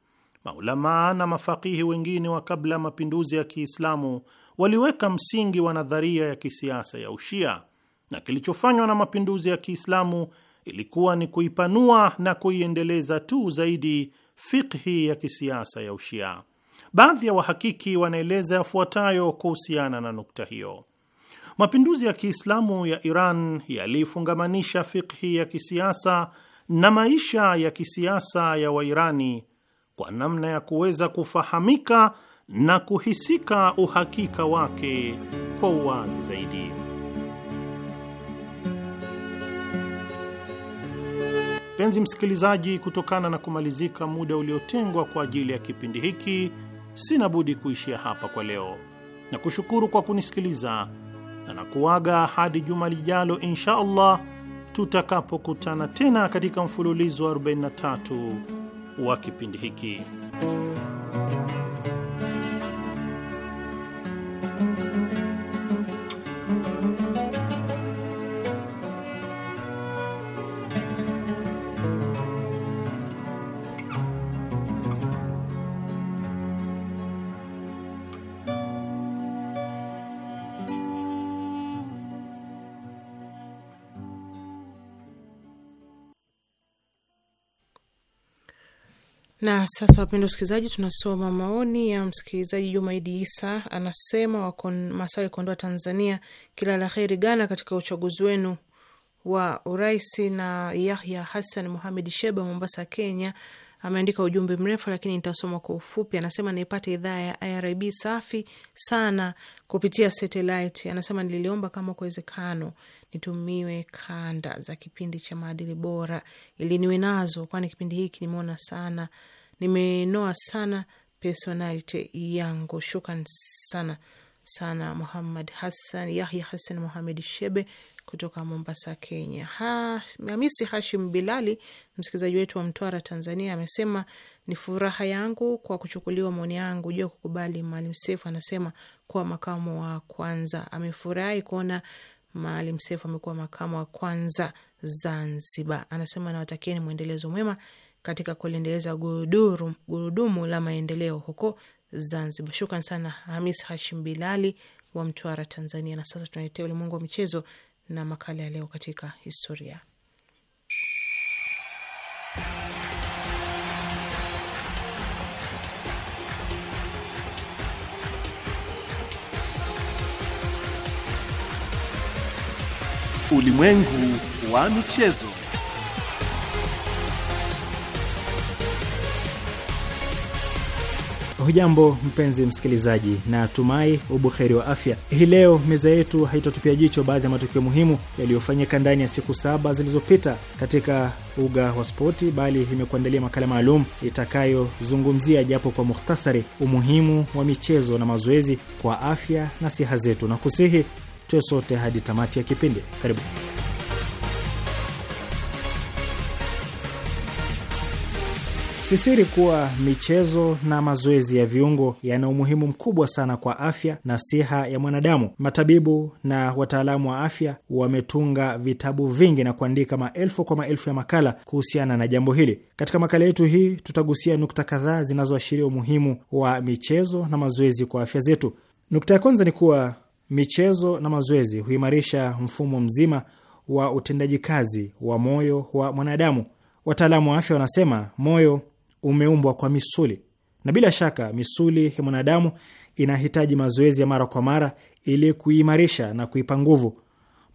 maulamaa na mafakihi wengine wa kabla ya mapinduzi ya Kiislamu waliweka msingi wa nadharia ya kisiasa ya Ushia, na kilichofanywa na mapinduzi ya Kiislamu ilikuwa ni kuipanua na kuiendeleza tu zaidi fikhi ya kisiasa ya Ushia. Baadhi ya wahakiki wanaeleza yafuatayo kuhusiana na nukta hiyo: mapinduzi ya Kiislamu ya Iran yaliifungamanisha fikhi ya kisiasa na maisha ya kisiasa ya Wairani kwa namna ya kuweza kufahamika na kuhisika uhakika wake kwa uwazi zaidi. Mpenzi msikilizaji, kutokana na kumalizika muda uliotengwa kwa ajili ya kipindi hiki, sina budi kuishia hapa kwa leo. na kushukuru kwa kunisikiliza na nakuaga hadi juma lijalo, insha Allah tutakapokutana tena katika mfululizo wa 43 wa kipindi hiki. Na sasa, wapendwa wasikilizaji, tunasoma maoni ya msikilizaji Jumaidi Isa, anasema wako Masawi, Kondoa, Tanzania, kila la heri Ghana katika uchaguzi wenu wa urais. Na Yahya Hassan Muhamed Sheba, Mombasa, Kenya, ameandika ujumbe mrefu lakini nitasoma kwa ufupi. Anasema nipate idhaa ya IRIB safi sana kupitia satelit. Anasema niliomba kama kuwezekano nitumiwe kanda za kipindi cha maadili bora ili niwe nazo, kwani kipindi hiki nimeona sana Nimenoa sana personality yangu. Shukran sana sana, Muhammad Hassan Yahya Hassan Muhamed Shebe kutoka Mombasa, Kenya. Ha, Hamisi Hashim Bilali, msikilizaji wetu wa Mtwara, Tanzania, amesema ni furaha yangu kwa kuchukuliwa maoni yangu juu ya kukubali Maalim Seif. Anasema kuwa makamu wa kwanza, amefurahi kuona Maalim Seif amekuwa makamu wa kwanza Zanzibar. Anasema nawatakieni mwendelezo mwema katika kuliendeleza gurudumu, la maendeleo huko Zanzibar. Shukran sana Hamis Hashim Bilali wa Mtwara, Tanzania. Na sasa tunaletea ulimwengu wa michezo na makala ya leo katika historia. Ulimwengu wa michezo. Hujambo mpenzi msikilizaji, na tumai ubuheri wa afya. Hii leo meza yetu haitatupia jicho baadhi ya matukio muhimu yaliyofanyika ndani ya siku saba zilizopita katika uga wa spoti, bali imekuandalia makala maalum itakayozungumzia japo kwa muhtasari umuhimu wa michezo na mazoezi kwa afya na siha zetu, na kusihi tuwe sote hadi tamati ya kipindi. Karibu. sisiri kuwa michezo na mazoezi ya viungo yana umuhimu mkubwa sana kwa afya na siha ya mwanadamu. Matabibu na wataalamu wa afya wametunga vitabu vingi na kuandika maelfu kwa maelfu ya makala kuhusiana na jambo hili. Katika makala yetu hii, tutagusia nukta kadhaa zinazoashiria umuhimu wa michezo na mazoezi kwa afya zetu. Nukta ya kwanza ni kuwa michezo na mazoezi huimarisha mfumo mzima wa utendaji kazi wa moyo wa mwanadamu. Wataalamu wa afya wanasema moyo umeumbwa kwa misuli, na bila shaka misuli ya mwanadamu inahitaji mazoezi ya mara kwa mara ili kuimarisha na kuipa nguvu.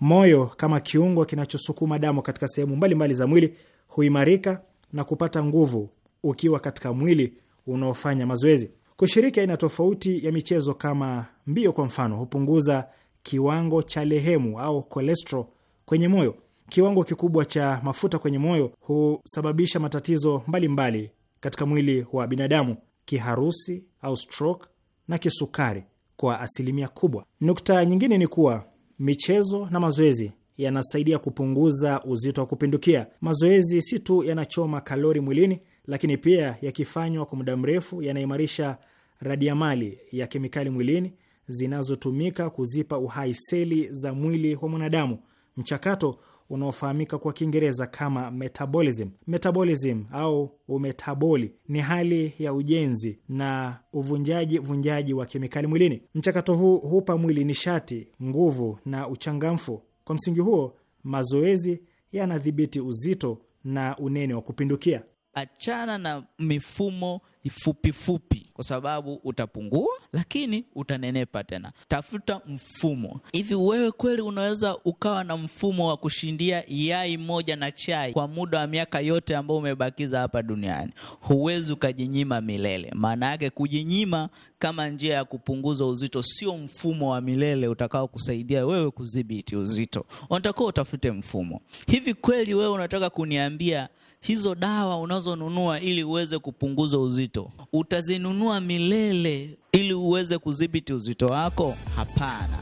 Moyo kama kiungo kinachosukuma damu katika sehemu mbalimbali za mwili huimarika na kupata nguvu ukiwa katika mwili unaofanya mazoezi. Kushiriki aina tofauti ya michezo kama mbio, kwa mfano, hupunguza kiwango cha lehemu au kolestro kwenye moyo. Kiwango kikubwa cha mafuta kwenye moyo husababisha matatizo mbalimbali mbali katika mwili wa binadamu, kiharusi au stroke na kisukari kwa asilimia kubwa. Nukta nyingine ni kuwa michezo na mazoezi yanasaidia kupunguza uzito wa kupindukia. Mazoezi si tu yanachoma kalori mwilini, lakini pia yakifanywa kwa muda mrefu yanaimarisha radiamali ya kemikali mwilini zinazotumika kuzipa uhai seli za mwili wa mwanadamu, mchakato unaofahamika kwa Kiingereza kama metabolism. Metabolism au umetaboli ni hali ya ujenzi na uvunjaji vunjaji wa kemikali mwilini. Mchakato huu hupa mwili nishati, nguvu na uchangamfu. Kwa msingi huo, mazoezi yanadhibiti uzito na unene wa kupindukia. Achana na mifumo fupi fupi, kwa sababu utapungua, lakini utanenepa tena. Tafuta mfumo. Hivi wewe kweli unaweza ukawa na mfumo wa kushindia yai moja na chai kwa muda wa miaka yote ambao umebakiza hapa duniani? Huwezi ukajinyima milele. Maana yake kujinyima kama njia ya kupunguza uzito sio mfumo wa milele utakao kusaidia wewe kudhibiti uzito. Unatakiwa utafute mfumo. Hivi kweli wewe unataka kuniambia hizo dawa unazonunua ili uweze kupunguza uzito utazinunua milele ili uweze kudhibiti uzito wako? Hapana.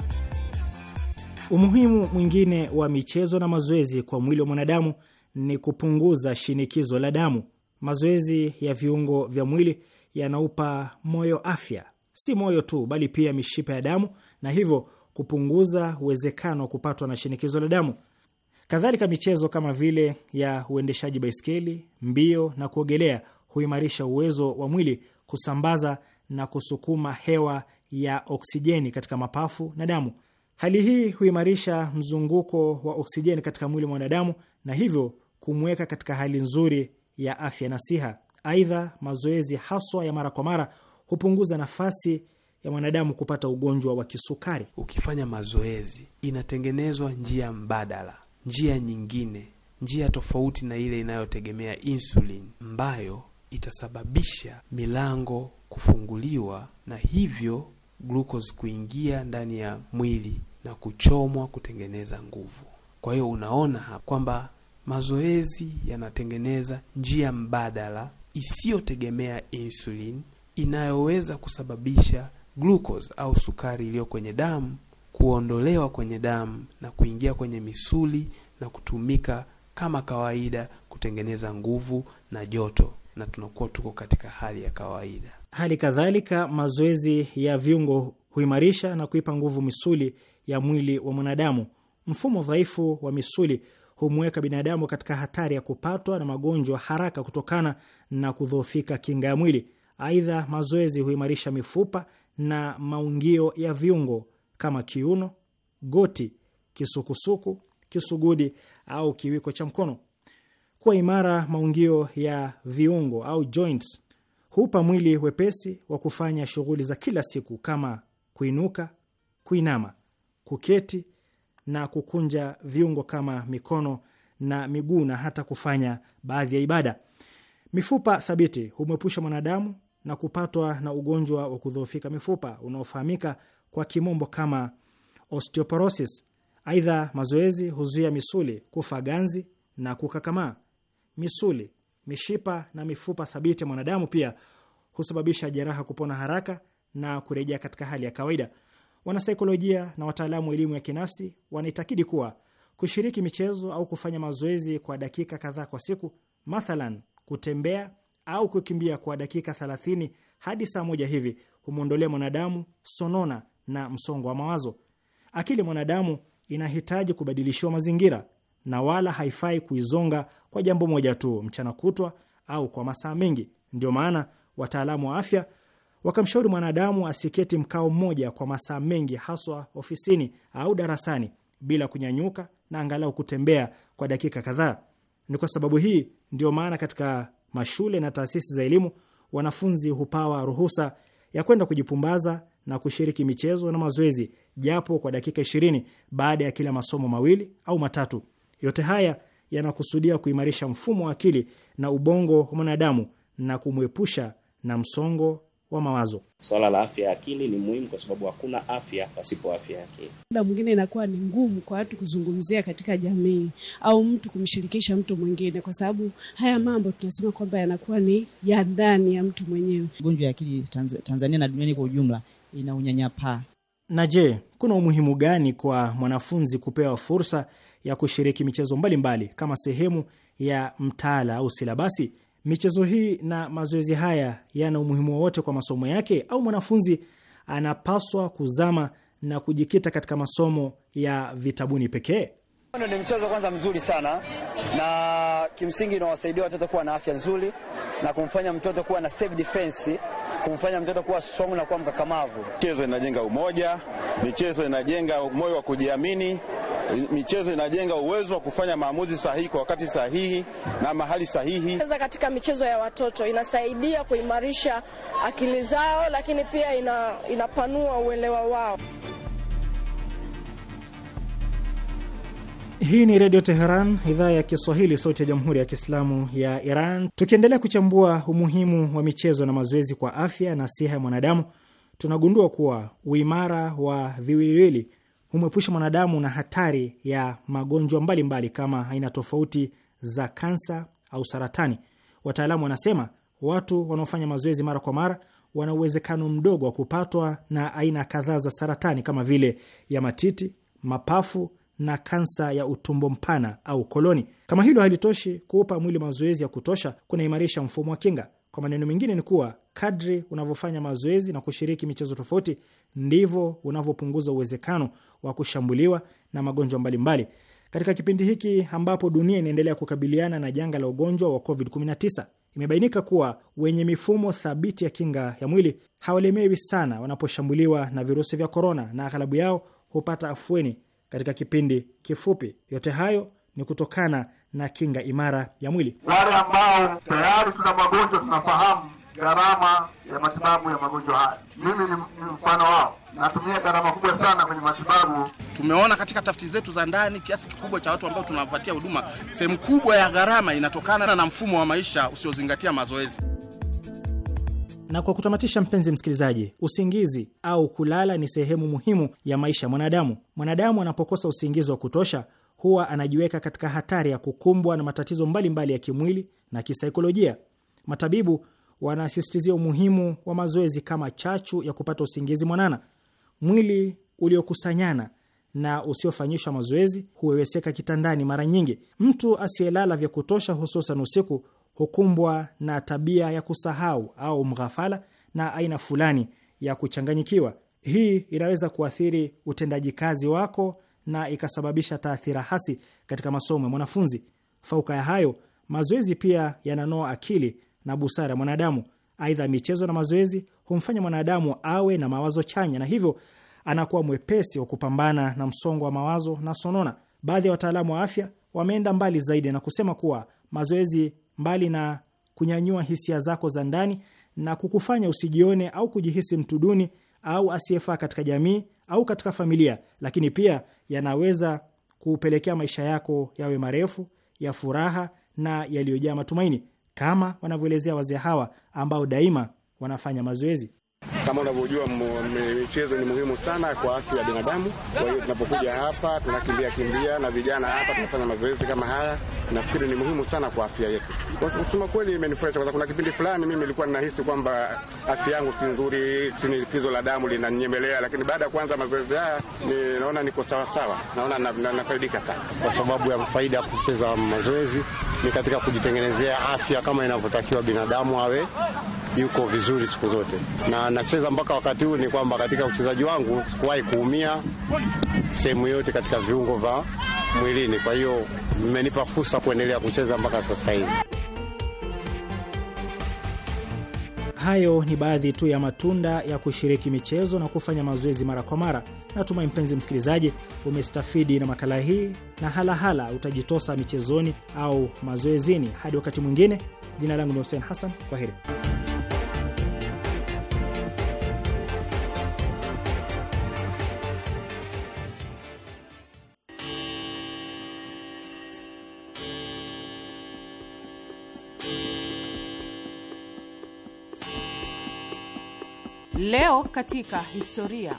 Umuhimu mwingine wa michezo na mazoezi kwa mwili wa mwanadamu ni kupunguza shinikizo la damu. Mazoezi ya viungo vya mwili yanaupa moyo afya, si moyo tu, bali pia mishipa ya damu, na hivyo kupunguza uwezekano wa kupatwa na shinikizo la damu. Kadhalika, michezo kama vile ya uendeshaji baiskeli, mbio na kuogelea huimarisha uwezo wa mwili kusambaza na kusukuma hewa ya oksijeni katika mapafu na damu. Hali hii huimarisha mzunguko wa oksijeni katika mwili wa mwanadamu na hivyo kumweka katika hali nzuri ya afya na siha. Aidha, mazoezi haswa ya mara kwa mara hupunguza nafasi ya mwanadamu kupata ugonjwa wa kisukari. Ukifanya mazoezi, inatengenezwa njia mbadala njia nyingine, njia tofauti na ile inayotegemea insulin ambayo itasababisha milango kufunguliwa na hivyo glucose kuingia ndani ya mwili na kuchomwa kutengeneza nguvu. Kwa hiyo unaona hapa kwamba mazoezi yanatengeneza njia mbadala isiyotegemea insulin inayoweza kusababisha glucose au sukari iliyo kwenye damu kuondolewa kwenye damu na kuingia kwenye misuli na kutumika kama kawaida kutengeneza nguvu na joto, na tunakuwa tuko katika hali ya kawaida. Hali kadhalika, mazoezi ya viungo huimarisha na kuipa nguvu misuli ya mwili wa mwanadamu. Mfumo dhaifu wa misuli humweka binadamu katika hatari ya kupatwa na magonjwa haraka kutokana na kudhoofika kinga ya mwili. Aidha, mazoezi huimarisha mifupa na maungio ya viungo kama kiuno, goti, kisukusuku, kisugudi au kiwiko cha mkono. Kuwa imara maungio ya viungo au joints hupa mwili wepesi wa kufanya shughuli za kila siku kama kuinuka, kuinama, kuketi na kukunja viungo kama mikono na miguu na hata kufanya baadhi ya ibada. Mifupa thabiti humwepusha mwanadamu na kupatwa na ugonjwa wa kudhoofika mifupa unaofahamika kwa kimombo kama osteoporosis. Aidha, mazoezi huzuia misuli kufa ganzi na kukakamaa. Misuli, mishipa na mifupa thabiti ya mwanadamu pia husababisha jeraha kupona haraka na kurejea katika hali ya kawaida. Wanasaikolojia na wataalamu wa elimu ya kinafsi wanaitakidi kuwa kushiriki michezo au kufanya mazoezi kwa dakika kadhaa kwa siku, mathalan kutembea au kukimbia kwa dakika 30 hadi saa moja hivi humwondolea mwanadamu sonona na msongo wa mawazo. Akili mwanadamu inahitaji kubadilishiwa mazingira na wala haifai kuizonga kwa jambo moja tu mchana kutwa au kwa masaa mengi. Ndio maana wataalamu wa afya wakamshauri mwanadamu asiketi mkao mmoja kwa masaa mengi, haswa ofisini au darasani bila kunyanyuka na angalau kutembea kwa dakika kadhaa. Ni kwa sababu hii ndio maana katika mashule na taasisi za elimu wanafunzi hupawa ruhusa ya kwenda kujipumbaza na kushiriki michezo na mazoezi japo kwa dakika ishirini baada ya kila masomo mawili au matatu. Yote haya yanakusudia kuimarisha mfumo wa akili na ubongo wa mwanadamu na kumwepusha na msongo wa mawazo. Swala la afya ya akili ni muhimu kwa sababu hakuna afya pasipo afya ya akili. Muda mwingine inakuwa ni ngumu kwa watu kuzungumzia katika jamii au mtu kumshirikisha mtu mwingine, kwa sababu haya mambo tunasema kwamba yanakuwa ni ya ndani ya mtu mwenyewe. Ugonjwa ya akili Tanzania na duniani kwa ujumla ina unyanyapaa. Na je, kuna umuhimu gani kwa mwanafunzi kupewa fursa ya kushiriki michezo mbalimbali mbali, kama sehemu ya mtaala au silabasi? Michezo hii na mazoezi haya yana umuhimu wowote kwa masomo yake, au mwanafunzi anapaswa kuzama na kujikita katika masomo ya vitabuni pekee? Ni mchezo kwanza mzuri sana na kimsingi inawasaidia watoto kuwa na afya nzuri na kumfanya mtoto kuwa na self defense kumfanya mtoto kuwa strong na kuwa mkakamavu. Michezo inajenga umoja, michezo inajenga moyo wa kujiamini, michezo inajenga uwezo wa kufanya maamuzi sahihi kwa wakati sahihi na mahali sahihi. Katika michezo ya watoto inasaidia kuimarisha akili zao, lakini pia ina, inapanua uelewa wao. Hii ni Redio Teheran, idhaa ya Kiswahili, sauti ya Jamhuri ya Kiislamu ya Iran. Tukiendelea kuchambua umuhimu wa michezo na mazoezi kwa afya na siha ya mwanadamu, tunagundua kuwa uimara wa viwiliwili humwepusha mwanadamu na hatari ya magonjwa mbalimbali kama aina tofauti za kansa au saratani. Wataalamu wanasema watu wanaofanya mazoezi mara kwa mara wana uwezekano mdogo wa kupatwa na aina kadhaa za saratani kama vile ya matiti, mapafu na kansa ya utumbo mpana au koloni. Kama hilo halitoshi, kuupa mwili mazoezi ya kutosha kunaimarisha mfumo wa kinga. Kwa maneno mengine, ni kuwa kadri unavyofanya mazoezi na kushiriki michezo tofauti, ndivyo unavyopunguza uwezekano wa kushambuliwa na magonjwa mbalimbali. mbali. Katika kipindi hiki ambapo dunia inaendelea kukabiliana na janga la ugonjwa wa COVID-19, imebainika kuwa wenye mifumo thabiti ya kinga ya mwili hawalemewi sana wanaposhambuliwa na virusi vya korona, na aghalabu yao hupata afueni katika kipindi kifupi. Yote hayo ni kutokana na kinga imara ya mwili. Wale ambao tayari tuna magonjwa, tunafahamu gharama ya matibabu ya magonjwa haya. Mimi ni mfano wao, natumia gharama kubwa sana kwenye matibabu. Tumeona katika tafiti zetu za ndani, kiasi kikubwa cha watu ambao tunawapatia huduma, sehemu kubwa ya gharama inatokana na mfumo wa maisha usiozingatia mazoezi. Na kwa kutamatisha, mpenzi msikilizaji, usingizi au kulala ni sehemu muhimu ya maisha ya mwanadamu. Mwanadamu anapokosa usingizi wa kutosha huwa anajiweka katika hatari ya kukumbwa na matatizo mbalimbali mbali ya kimwili na kisaikolojia. Matabibu wanasisitizia umuhimu wa mazoezi kama chachu ya kupata usingizi mwanana. Mwili uliokusanyana na usiofanyishwa mazoezi huweweseka kitandani mara nyingi. Mtu asiyelala vya kutosha, hususan usiku, hukumbwa na tabia ya kusahau au mghafala na aina fulani ya kuchanganyikiwa. Hii inaweza kuathiri utendaji kazi wako na ikasababisha taathira hasi katika masomo ya mwanafunzi. Fauka ya hayo, mazoezi pia yananoa akili na busara ya mwanadamu. Aidha, michezo na mazoezi humfanya mwanadamu awe na mawazo chanya na hivyo anakuwa mwepesi wa kupambana na msongo wa mawazo na sonona. Baadhi ya wataalamu wa afya wameenda mbali zaidi na kusema kuwa mazoezi mbali na kunyanyua hisia zako za ndani na kukufanya usijione au kujihisi mtu duni au asiyefaa katika jamii au katika familia, lakini pia yanaweza kupelekea maisha yako yawe marefu ya furaha na yaliyojaa matumaini, kama wanavyoelezea wazee hawa ambao daima wanafanya mazoezi. Kama unavyojua michezo ni muhimu sana kwa afya ya binadamu. Kwa hiyo tunapokuja hapa tunakimbia kimbia na vijana hapa tunafanya mazoezi kama haya, nafikiri ni muhimu sana kwa afya yetu. Kusema kweli, imenifurahisha kwa kuna kipindi fulani mimi nilikuwa ninahisi kwamba afya yangu si nzuri, shinikizo la damu linanyemelea, lakini baada ya kuanza mazoezi haya ninaona niko sawasawa, naona nafaidika sana, kwa sababu ya faida ya kucheza mazoezi ni katika kujitengenezea afya kama inavyotakiwa binadamu awe yuko vizuri siku zote na nacheza mpaka wakati huu, ni kwamba katika uchezaji wangu sikuwahi kuumia sehemu yote katika viungo vya mwilini. Kwa hiyo mmenipa fursa kuendelea kucheza mpaka sasa hivi. Hayo ni baadhi tu ya matunda ya kushiriki michezo na kufanya mazoezi mara kwa mara. Natumai mpenzi msikilizaji, umestafidi na makala hii na halahala hala utajitosa michezoni au mazoezini. Hadi wakati mwingine, jina langu ni Hussein Hassan, kwa heri. Leo katika historia.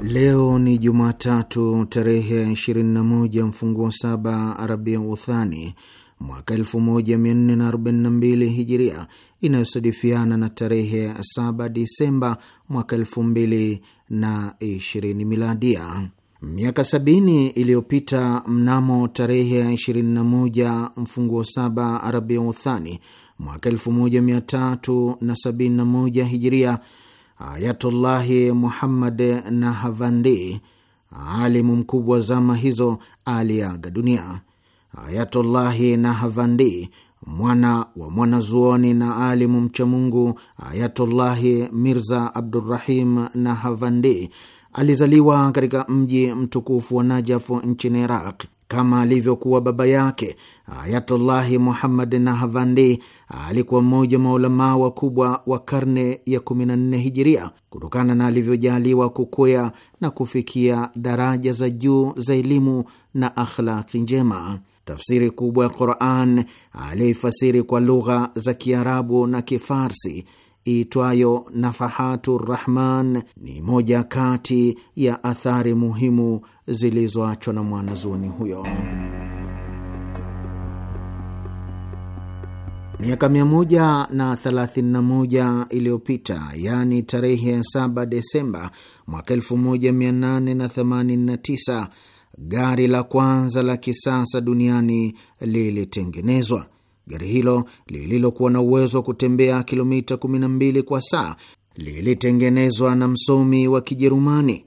Leo ni Jumatatu tarehe 21 mfunguo saba Arabia Uthani mwaka 1442 Hijiria, inayosadifiana na tarehe 7 Disemba mwaka 2020 Miladia. Miaka sabini iliyopita mnamo tarehe 21 mfunguo saba Arabia Uthani mwaka 1371 Hijiria, Ayatullahi Muhammad Nahavandi, alimu mkubwa wa zama hizo, aliaga dunia. Ayatullahi Nahavandi, mwana wa mwanazuoni na alimu mchamungu Ayatullahi Mirza Abdurrahim Nahavandi alizaliwa katika mji mtukufu wa Najafu nchini Iraq kama alivyokuwa baba yake Ayatullahi Muhammad Nahavandi alikuwa mmoja maulamaa wakubwa wa karne ya 14 Hijiria, kutokana na alivyojaaliwa kukwea na kufikia daraja za juu za elimu na akhlaki njema. Tafsiri kubwa ya Quran aliyoifasiri kwa lugha za Kiarabu na Kifarsi iitwayo Nafahatu Rahman ni moja kati ya athari muhimu zilizoachwa na mwanazuoni huyo. Miaka 131 iliyopita, yaani tarehe ya 7 Desemba mwaka 1889, gari la kwanza la kisasa duniani lilitengenezwa. Gari hilo lililokuwa na uwezo wa kutembea kilomita 12 kwa saa lilitengenezwa na msomi wa Kijerumani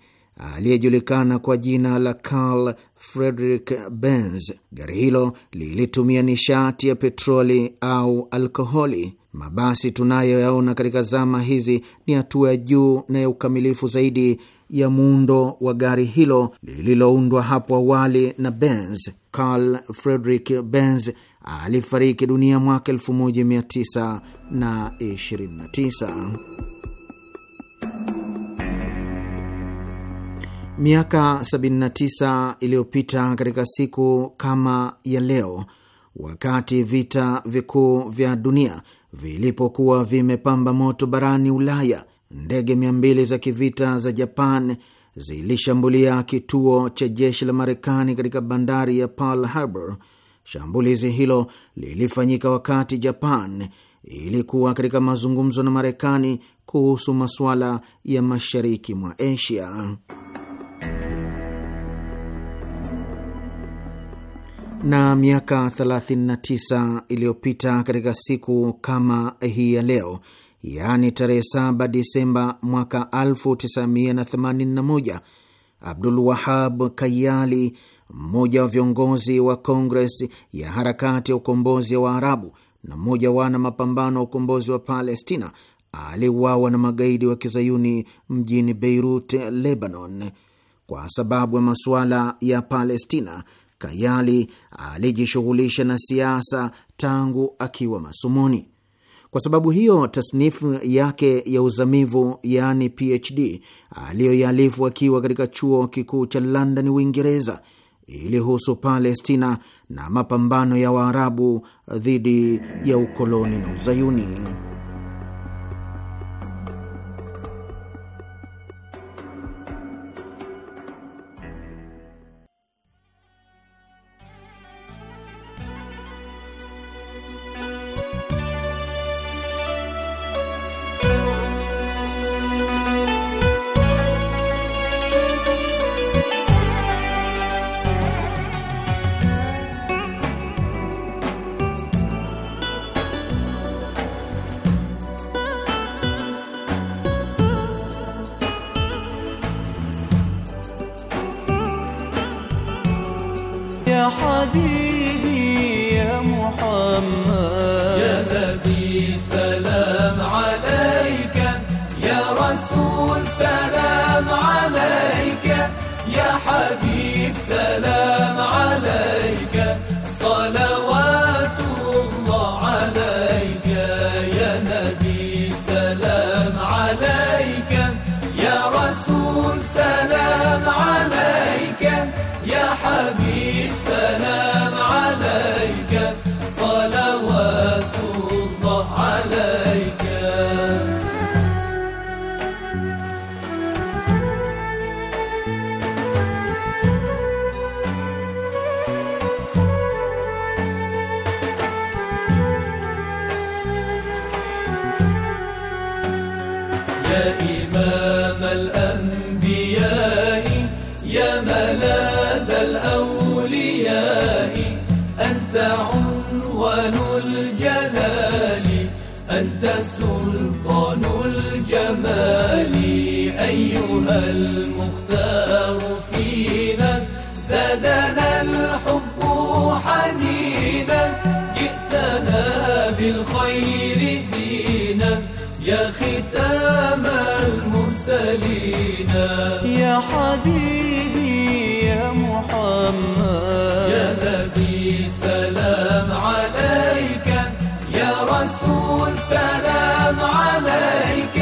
aliyejulikana kwa jina la Karl Friedrich Benz. Gari hilo lilitumia nishati ya petroli au alkoholi. Mabasi tunayoyaona katika zama hizi ni hatua ya juu na ya ukamilifu zaidi ya muundo wa gari hilo lililoundwa hapo awali na Benz. Karl Friedrich Benz alifariki dunia mwaka 1929. Miaka 79 iliyopita katika siku kama ya leo, wakati vita vikuu vya dunia vilipokuwa vimepamba moto barani Ulaya, ndege 200 za kivita za Japan zilishambulia kituo cha jeshi la Marekani katika bandari ya Pearl Harbor Shambulizi hilo lilifanyika wakati Japan ilikuwa katika mazungumzo na Marekani kuhusu masuala ya mashariki mwa Asia. Na miaka 39 iliyopita katika siku kama hii ya leo, yaani tarehe 7 Disemba mwaka 1981, Abdul Wahab Kayali mmoja wa viongozi wa Kongres ya harakati ya ukombozi wa Arabu na mmoja wana mapambano wa ukombozi wa Palestina aliuawa na magaidi wa kizayuni mjini Beirut, Lebanon. Kwa sababu ya masuala ya Palestina, Kayali alijishughulisha na siasa tangu akiwa masomoni. Kwa sababu hiyo, tasnifu yake ya uzamivu yaani PhD aliyoialifu akiwa katika chuo kikuu cha London, Uingereza ilihusu Palestina na mapambano ya Waarabu dhidi ya ukoloni na Uzayuni. سلطان الجمال أيها المختار فينا زادنا الحب حنينا جئتنا بالخير دينا يا ختام المرسلين يا حبيبي يا محمد رسول سلام عليك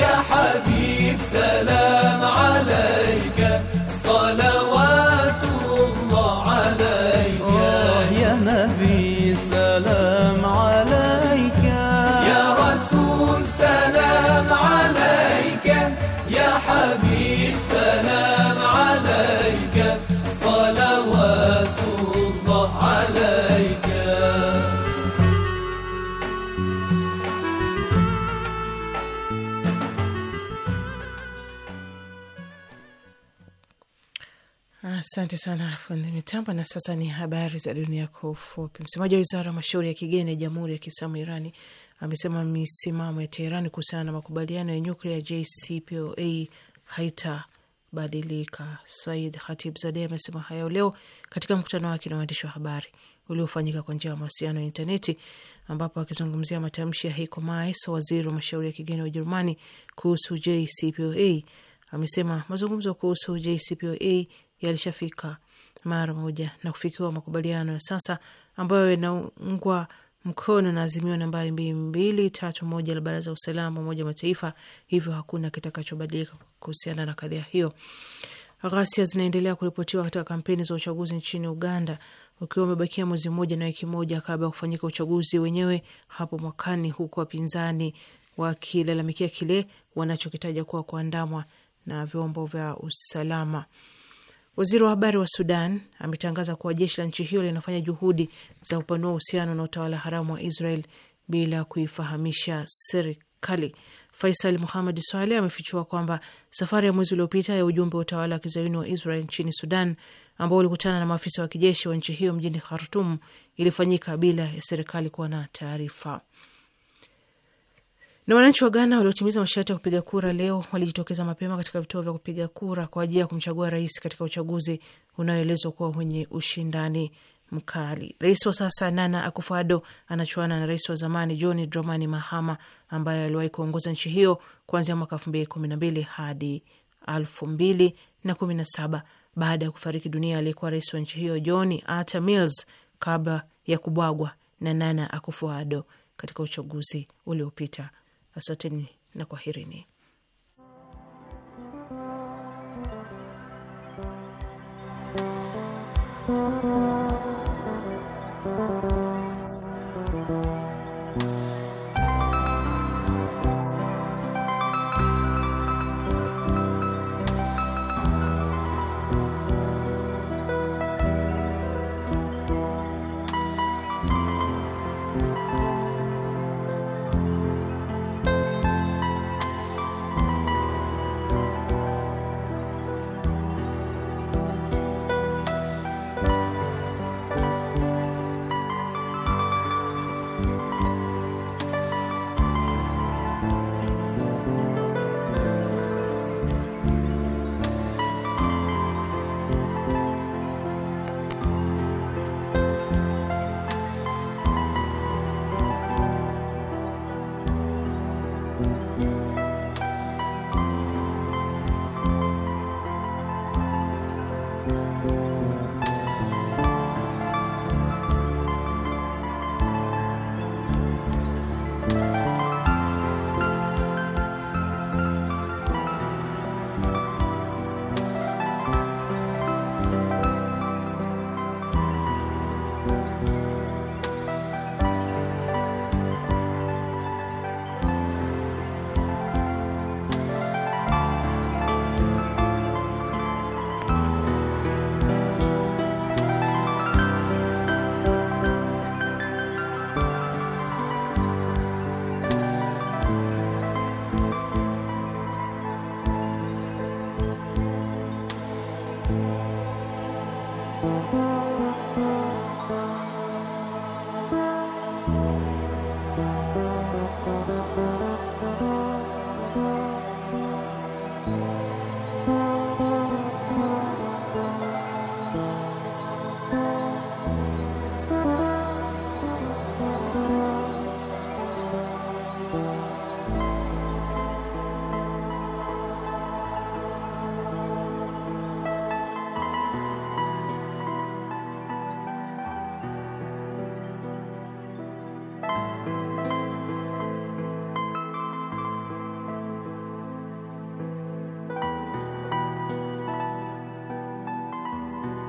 يا حبيب سلام Asante sana fundi mitambo. Na sasa ni habari za dunia kwa ufupi. Msemaji wa wizara ya mashauri ya kigeni ya jamhuri ya kiislamu Irani amesema misimamo ya Teherani kuhusiana na makubaliano ya nyuklia ya JCPOA haitabadilika. Said Hatib Khatibzadeh amesema hayo leo katika mkutano wake na waandishi wa habari uliofanyika kwa njia ya mawasiliano ya intaneti, ambapo akizungumzia matamshi ya Heiko Maas, waziri wa mashauri ya kigeni wa Ujerumani, kuhusu JCPOA amesema mazungumzo kuhusu JCPOA yalishafika mara moja na kufikiwa makubaliano ya sasa ambayo yanaungwa mkono na azimio nambari mbili mbili tatu moja la Baraza la Usalama Umoja Mataifa, hivyo hakuna kitakachobadilika kuhusiana na kadhia hiyo. Ghasia zinaendelea kuripotiwa katika kampeni za uchaguzi nchini Uganda, ukiwa umebakia mwezi mmoja na wiki moja kabla ya kufanyika uchaguzi wenyewe hapo mwakani, huku wapinzani wakilalamikia kile wanachokitaja kuwa kuandamwa na vyombo vya usalama. Waziri wa habari wa Sudan ametangaza kuwa jeshi la nchi hiyo linafanya juhudi za kupanua uhusiano na utawala haramu wa Israel bila kuifahamisha serikali. Faisal muhamad Swaleh amefichua kwamba safari ya mwezi uliopita ya ujumbe wa utawala wa kizayuni wa Israel nchini Sudan, ambao ulikutana na maafisa wa kijeshi wa nchi hiyo mjini Khartum, ilifanyika bila ya serikali kuwa na taarifa. Na wananchi wa Ghana waliotimiza masharti ya kupiga kura leo walijitokeza mapema katika vituo vya kupiga kura kwa ajili ya kumchagua rais katika uchaguzi unaoelezwa kuwa wenye ushindani mkali. Rais wa sasa Nana Akufado anachuana na rais wa zamani John Dramani Mahama ambaye aliwahi kuongoza nchi hiyo kuanzia mwaka elfu mbili kumi na mbili hadi elfu mbili na kumi na saba baada ya kufariki dunia aliyekuwa rais wa nchi hiyo John Atta Mills kabla ya kubwagwa na Nana akufo katika uchaguzi uliopita Asanteni na kwaherini.